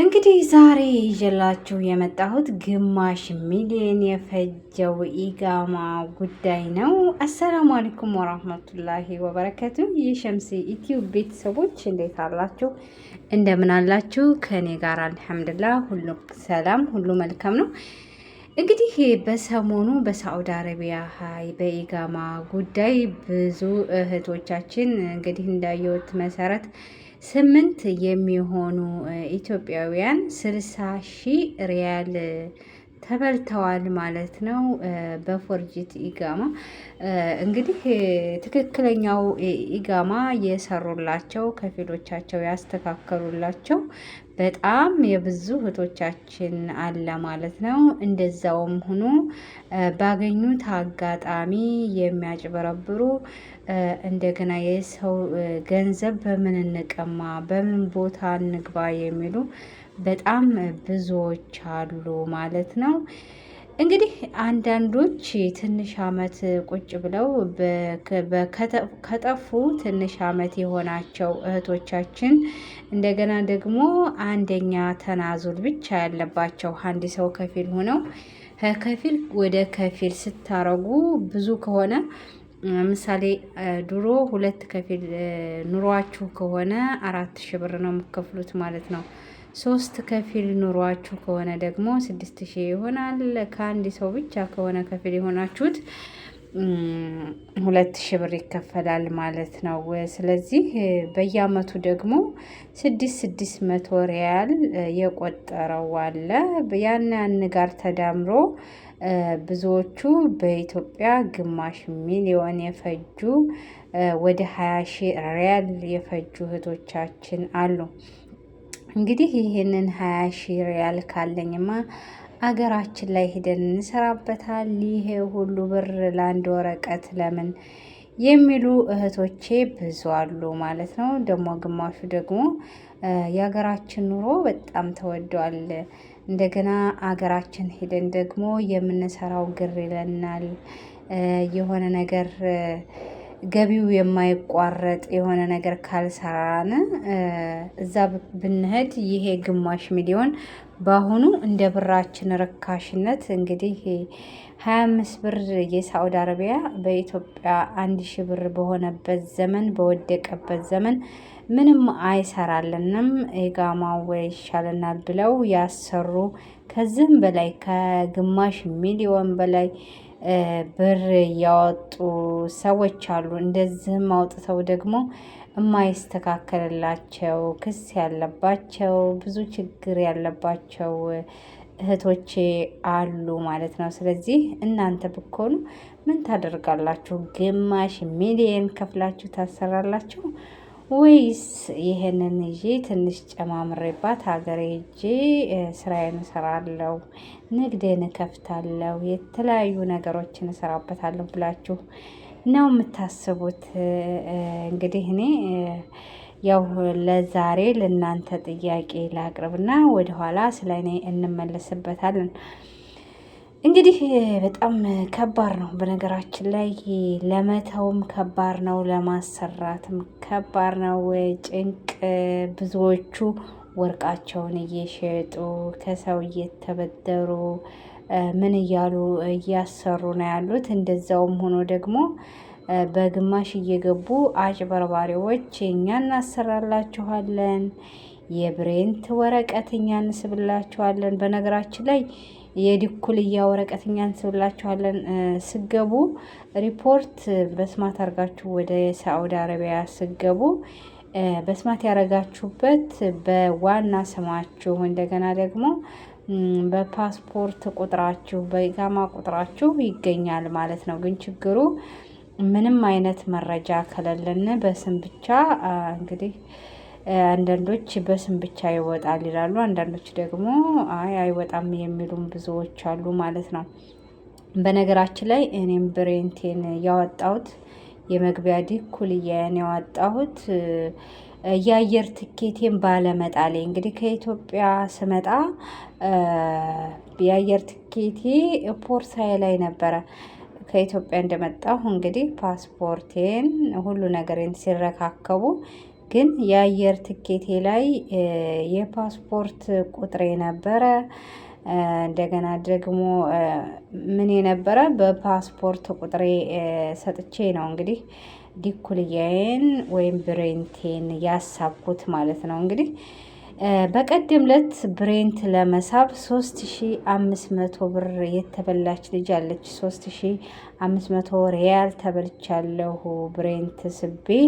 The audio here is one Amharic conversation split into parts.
እንግዲህ ዛሬ ይዤላችሁ የመጣሁት ግማሽ ሚሊዮን የፈጀው ኢጋማ ጉዳይ ነው። አሰላሙ አለይኩም ወራህመቱላሂ ወበረከቱ። የሸምሲ ኢትዮ ቤተሰቦች እንዴት አላችሁ? እንደምን አላችሁ? ከእኔ ጋር አልሐምድላ ሁሉ ሰላም፣ ሁሉ መልካም ነው። እንግዲህ በሰሞኑ በሳዑዲ አረቢያ በኢጋማ ጉዳይ ብዙ እህቶቻችን እንግዲህ እንዳየሁት መሰረት ስምንት የሚሆኑ ኢትዮጵያውያን ስልሳ ሺህ ሪያል ተበልተዋል ማለት ነው። በፎርጅት ኢጋማ እንግዲህ ትክክለኛው ኢጋማ የሰሩላቸው ከፊሎቻቸው ያስተካከሉላቸው በጣም የብዙ እህቶቻችን አለ ማለት ነው። እንደዛውም ሆኖ ባገኙት አጋጣሚ የሚያጭበረብሩ እንደገና የሰው ገንዘብ በምን እንቀማ፣ በምን ቦታ እንግባ የሚሉ በጣም ብዙዎች አሉ ማለት ነው። እንግዲህ አንዳንዶች ትንሽ አመት ቁጭ ብለው ከጠፉ ትንሽ አመት የሆናቸው እህቶቻችን፣ እንደገና ደግሞ አንደኛ ተናዙል ብቻ ያለባቸው አንድ ሰው ከፊል ሆነው ከፊል ወደ ከፊል ስታረጉ ብዙ ከሆነ ምሳሌ ድሮ ሁለት ከፊል ኑሯችሁ ከሆነ አራት ሺ ብር ነው የምከፍሉት ማለት ነው። ሶስት ከፊል ኑሯችሁ ከሆነ ደግሞ ስድስት ሺህ ይሆናል። ከአንድ ሰው ብቻ ከሆነ ከፊል የሆናችሁት ሁለት ሺህ ብር ይከፈላል ማለት ነው። ስለዚህ በየአመቱ ደግሞ ስድስት ስድስት መቶ ሪያል የቆጠረው አለ። ያን ያን ጋር ተዳምሮ ብዙዎቹ በኢትዮጵያ ግማሽ ሚሊዮን የፈጁ ወደ ሀያ ሺህ ሪያል የፈጁ እህቶቻችን አሉ። እንግዲህ ይህንን ሀያ ሺ ሪያል ካለኝማ አገራችን ላይ ሂደን እንሰራበታል። ይሄ ሁሉ ብር ለአንድ ወረቀት ለምን የሚሉ እህቶቼ ብዙ አሉ ማለት ነው። ደግሞ ግማሹ ደግሞ የሀገራችን ኑሮ በጣም ተወዷል። እንደገና አገራችን ሄደን ደግሞ የምንሰራው ግር ይለናል የሆነ ነገር ገቢው የማይቋረጥ የሆነ ነገር ካልሰራን እዛ ብንሄድ ይሄ ግማሽ ሚሊዮን በአሁኑ እንደ ብራችን ርካሽነት እንግዲህ ሀያ አምስት ብር የሳዑዲ አረቢያ በኢትዮጵያ አንድ ሺ ብር በሆነበት ዘመን በወደቀበት ዘመን ምንም አይሰራልንም፣ ኢቃማው ይሻለናል ብለው ያሰሩ ከዚህም በላይ ከግማሽ ሚሊዮን በላይ ብር ያወጡ ሰዎች አሉ። እንደዚህም አውጥተው ደግሞ የማይስተካከልላቸው ክስ ያለባቸው ብዙ ችግር ያለባቸው እህቶቼ አሉ ማለት ነው። ስለዚህ እናንተ ብኮኑ ምን ታደርጋላችሁ? ግማሽ ሚሊየን ከፍላችሁ ታሰራላችሁ። ወይስ ይሄንን ይዤ ትንሽ ጨማምሬባት ሀገሬ ሄጄ ስራዬን እሰራለሁ፣ ንግዴን እከፍታለሁ፣ የተለያዩ ነገሮችን እሰራበታለሁ ብላችሁ ነው የምታስቡት? እንግዲህ እኔ ያው ለዛሬ ለእናንተ ጥያቄ ላቅርብና ወደኋላ ስለ እኔ እንመለስበታለን። እንግዲህ በጣም ከባድ ነው። በነገራችን ላይ ለመተውም ከባድ ነው፣ ለማሰራትም ከባድ ነው። ጭንቅ ብዙዎቹ ወርቃቸውን እየሸጡ ከሰው እየተበደሩ ምን እያሉ እያሰሩ ነው ያሉት። እንደዛውም ሆኖ ደግሞ በግማሽ እየገቡ አጭበርባሪዎች እኛ እናሰራላችኋለን የብሬንት ወረቀት እኛ እንስብላችኋለን። በነገራችን ላይ የዲኩልያ ወረቀት እኛ እንስብላችኋለን። ስገቡ ሪፖርት በስማት አድርጋችሁ ወደ ሳዑዲ አረቢያ ስገቡ በስማት ያደረጋችሁበት በዋና ስማችሁ እንደገና ደግሞ በፓስፖርት ቁጥራችሁ በኢጋማ ቁጥራችሁ ይገኛል ማለት ነው። ግን ችግሩ ምንም አይነት መረጃ ከሌለን በስም ብቻ እንግዲህ አንዳንዶች በስም ብቻ ይወጣል ይላሉ። አንዳንዶች ደግሞ አይ አይወጣም የሚሉም ብዙዎች አሉ ማለት ነው። በነገራችን ላይ እኔም ብሬንቴን ያወጣሁት የመግቢያ ዲኩልያን ያወጣሁት የአየር ትኬቴን ባለመጣሌ እንግዲህ ከኢትዮጵያ ስመጣ የአየር ትኬቴ ፖርሳዬ ላይ ነበረ። ከኢትዮጵያ እንደመጣሁ እንግዲህ ፓስፖርቴን ሁሉ ነገሬን ሲረካከቡ ግን የአየር ትኬቴ ላይ የፓስፖርት ቁጥሬ ነበረ። እንደገና ደግሞ ምን የነበረ በፓስፖርት ቁጥሬ ሰጥቼ ነው እንግዲህ ዲኩልያዬን ወይም ብሬንቴን ያሳብኩት ማለት ነው። እንግዲህ በቀደም ዕለት ብሬንት ለመሳብ 3500 ብር የተበላች ልጅ አለች። 3500 ሪያል ተበልቻለሁ ብሬንት ስቤ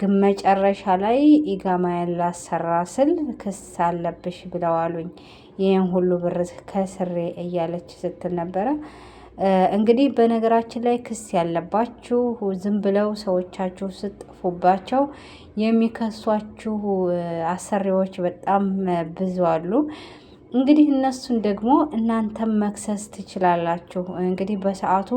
ግን መጨረሻ ላይ ኢጋማ ያላሰራ ስል ክስ አለብሽ ብለው አሉኝ። ይህን ሁሉ ብር ከስሬ እያለች ስትል ነበረ። እንግዲህ በነገራችን ላይ ክስ ያለባችሁ ዝም ብለው ሰዎቻችሁ ስጥፉባቸው የሚከሷችሁ አሰሪዎች በጣም ብዙ አሉ። እንግዲህ እነሱን ደግሞ እናንተም መክሰስ ትችላላችሁ። እንግዲህ በሰዓቱ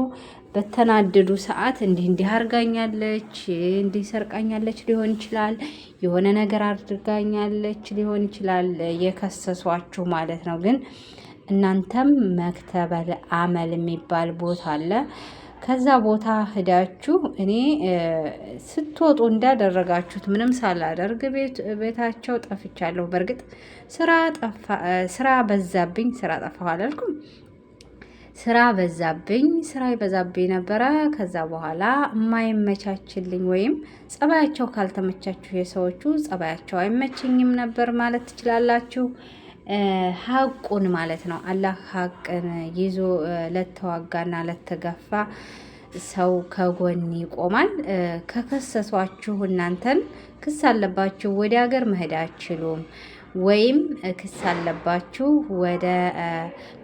በተናደዱ ሰዓት እንዲህ እንዲህ አርጋኛለች፣ እንዲህ ሰርቃኛለች ሊሆን ይችላል፣ የሆነ ነገር አድርጋኛለች ሊሆን ይችላል የከሰሷችሁ ማለት ነው። ግን እናንተም መክተበል አመል የሚባል ቦታ አለ። ከዛ ቦታ ሂዳችሁ እኔ ስትወጡ እንዳደረጋችሁት ምንም ሳላደርግ ቤታቸው ጠፍቻለሁ። በእርግጥ ስራ በዛብኝ፣ ስራ ጠፋሁ አላልኩም። ስራ በዛብኝ፣ ስራ ይበዛብኝ ነበረ። ከዛ በኋላ የማይመቻችልኝ ወይም ጸባያቸው ካልተመቻችሁ የሰዎቹ ጸባያቸው አይመችኝም ነበር ማለት ትችላላችሁ። ሀቁን ማለት ነው። አላህ ሀቅን ይዞ ለተዋጋና ለተገፋ ሰው ከጎን ይቆማል። ከከሰሷችሁ እናንተን ክስ አለባችሁ ወደ ሀገር መሄድ አችሉም ወይም ክስ አለባችሁ ወደ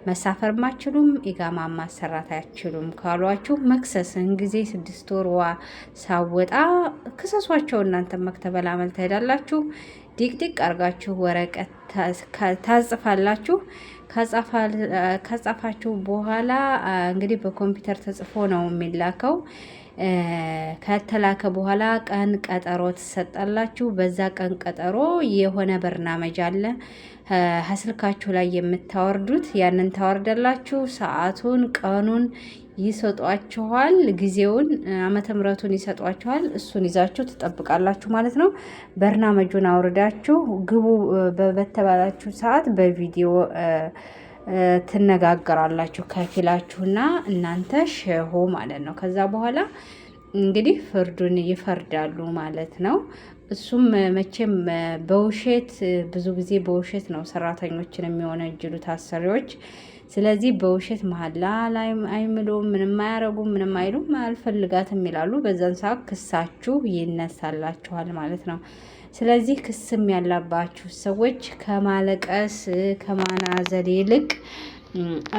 መሳፈር ማችሉም ኢጋማ ማሰራት አይችሉም ካሏችሁ መክሰስን ጊዜ ስድስት ወር ሳወጣ ክሰሷቸው እናንተን መክተበል ትሄዳላችሁ። ዲቅዲቅ አርጋችሁ ወረቀት ታጽፋላችሁ። ከጻፋችሁ በኋላ እንግዲህ በኮምፒውተር ተጽፎ ነው የሚላከው። ከተላከ በኋላ ቀን ቀጠሮ ትሰጣላችሁ። በዛ ቀን ቀጠሮ የሆነ በርናመጅ አለ ስልካችሁ ላይ የምታወርዱት ያንን ታወርዳላችሁ። ሰዓቱን፣ ቀኑን ይሰጧችኋል። ጊዜውን፣ አመተ ምረቱን ይሰጧችኋል። እሱን ይዛችሁ ትጠብቃላችሁ ማለት ነው። በርናመጁን አውርዳችሁ ግቡ። በተባላችሁ ሰዓት በቪዲዮ ትነጋገራላችሁ ከፊላችሁና እናንተ ሸሆ ማለት ነው። ከዛ በኋላ እንግዲህ ፍርዱን ይፈርዳሉ ማለት ነው። እሱም መቼም በውሸት ብዙ ጊዜ በውሸት ነው ሰራተኞችን የሚሆነ እጅሉ ታሰሪዎች ስለዚህ በውሸት መሀላ ላይ አይምሉም፣ ምንም አያረጉም፣ ምንም አይሉም፣ አልፈልጋትም ይላሉ። በዛን ሰዓት ክሳችሁ ይነሳላችኋል ማለት ነው። ስለዚህ ክስም ያላባችሁ ሰዎች ከማለቀስ ከማናዘል ይልቅ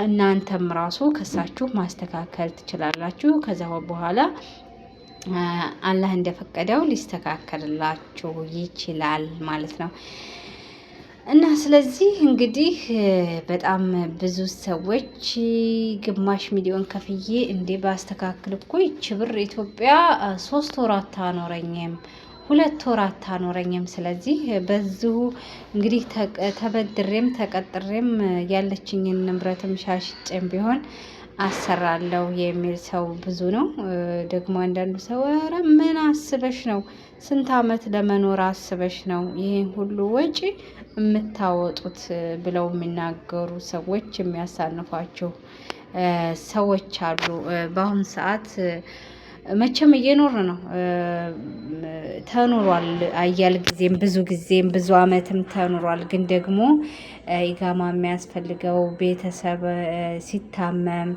እናንተም ራሱ ክሳችሁ ማስተካከል ትችላላችሁ። ከዛ በኋላ አላህ እንደፈቀደው ሊስተካከልላችሁ ይችላል ማለት ነው። እና ስለዚህ እንግዲህ በጣም ብዙ ሰዎች ግማሽ ሚሊዮን ከፍዬ እንዴ ባስተካክል እኮ ይቺ ብር ኢትዮጵያ ሶስት ወር አታኖረኝም፣ ሁለት ወር አታኖረኝም። ስለዚህ በዚሁ እንግዲህ ተበድሬም ተቀጥሬም ያለችኝን ንብረትም ሻሽጬም ቢሆን አሰራለሁ የሚል ሰው ብዙ ነው። ደግሞ አንዳንዱ ሰው ኧረ ምን አስበሽ ነው? ስንት አመት ለመኖር አስበሽ ነው ይህን ሁሉ ወጪ የምታወጡት? ብለው የሚናገሩ ሰዎች የሚያሳንፏቸው ሰዎች አሉ በአሁኑ ሰዓት መቼም እየኖር ነው ተኑሯል። አያል ጊዜም ብዙ ጊዜም ብዙ አመትም ተኑሯል። ግን ደግሞ ኢጋማ የሚያስፈልገው ቤተሰብ ሲታመም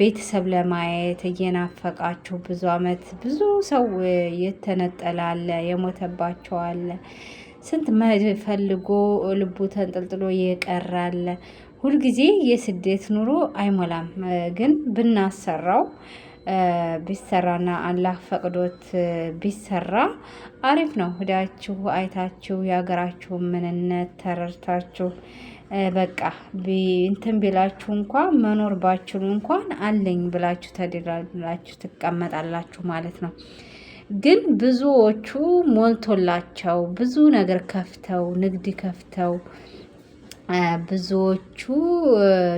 ቤተሰብ ለማየት እየናፈቃችሁ ብዙ አመት ብዙ ሰው የተነጠላለ የሞተባቸዋለ ስንት ፈልጎ ልቡ ተንጠልጥሎ የቀራለ ሁልጊዜ የስደት ኑሮ አይሞላም። ግን ብናሰራው ቢሰራና አላህ ፈቅዶት ቢሰራ አሪፍ ነው። ሂዳችሁ አይታችሁ የሀገራችሁ ምንነት ተረድታችሁ በቃ እንትን ቢላችሁ እንኳ መኖር ባችሉ እንኳን አለኝ ብላችሁ ተደላላችሁ ትቀመጣላችሁ ማለት ነው። ግን ብዙዎቹ ሞልቶላቸው ብዙ ነገር ከፍተው ንግድ ከፍተው ብዙዎቹ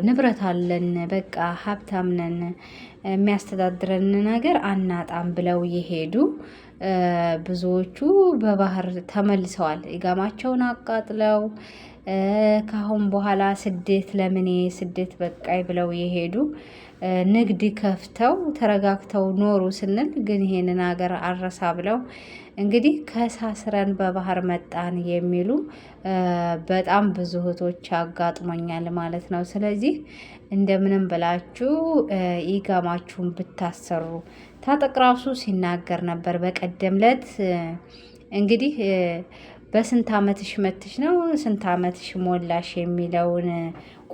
ንብረት አለን በቃ ሀብታም ነን የሚያስተዳድረን ነገር አናጣም ብለው የሄዱ ብዙዎቹ በባህር ተመልሰዋል። ኢጋማቸውን አቃጥለው ከአሁን በኋላ ስደት ለምኔ ስደት በቃይ ብለው የሄዱ ንግድ ከፍተው ተረጋግተው ኖሩ ስንል ግን ይሄንን ሀገር አረሳ ብለው እንግዲህ ከሳስረን በባህር መጣን የሚሉ በጣም ብዙ እህቶች አጋጥሞኛል ማለት ነው። ስለዚህ እንደምንም ብላችሁ ኢጋማችሁን ብታሰሩ ታጠቅ ራሱ ሲናገር ነበር በቀደም ዕለት እንግዲህ በስንት አመትሽ መትሽ ነው ስንት አመትሽ ሞላሽ የሚለውን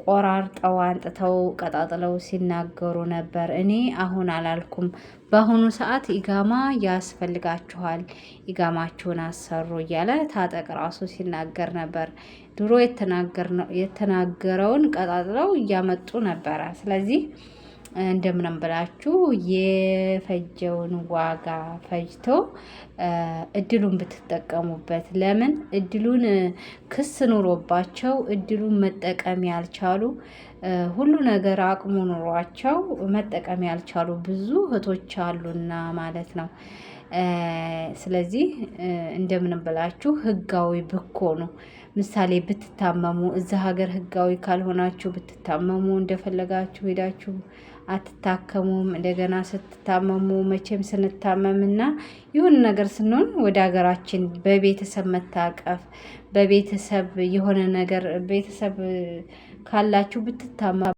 ቆራርጠው አንጥተው ቀጣጥለው ሲናገሩ ነበር። እኔ አሁን አላልኩም። በአሁኑ ሰዓት ኢጋማ ያስፈልጋችኋል፣ ኢጋማችሁን አሰሩ እያለ ታጠቅ ራሱ ሲናገር ነበር። ድሮ የተናገረውን ቀጣጥለው እያመጡ ነበረ። ስለዚህ እንደምንም ብላችሁ የፈጀውን ዋጋ ፈጅቶ እድሉን ብትጠቀሙበት። ለምን እድሉን ክስ ኑሮባቸው እድሉን መጠቀም ያልቻሉ ሁሉ ነገር አቅሙ ኑሯቸው መጠቀም ያልቻሉ ብዙ እህቶች አሉና ማለት ነው። ስለዚህ እንደምንም ብላችሁ ህጋዊ ብኮኑ ምሳሌ ብትታመሙ እዛ ሀገር ህጋዊ ካልሆናችሁ ብትታመሙ እንደፈለጋችሁ ሄዳችሁ አትታከሙም። እንደገና ስትታመሙ መቼም ስንታመምና ይሁን ነገር ስንሆን ወደ ሀገራችን በቤተሰብ መታቀፍ በቤተሰብ የሆነ ነገር ቤተሰብ ካላችሁ ብትታመሙ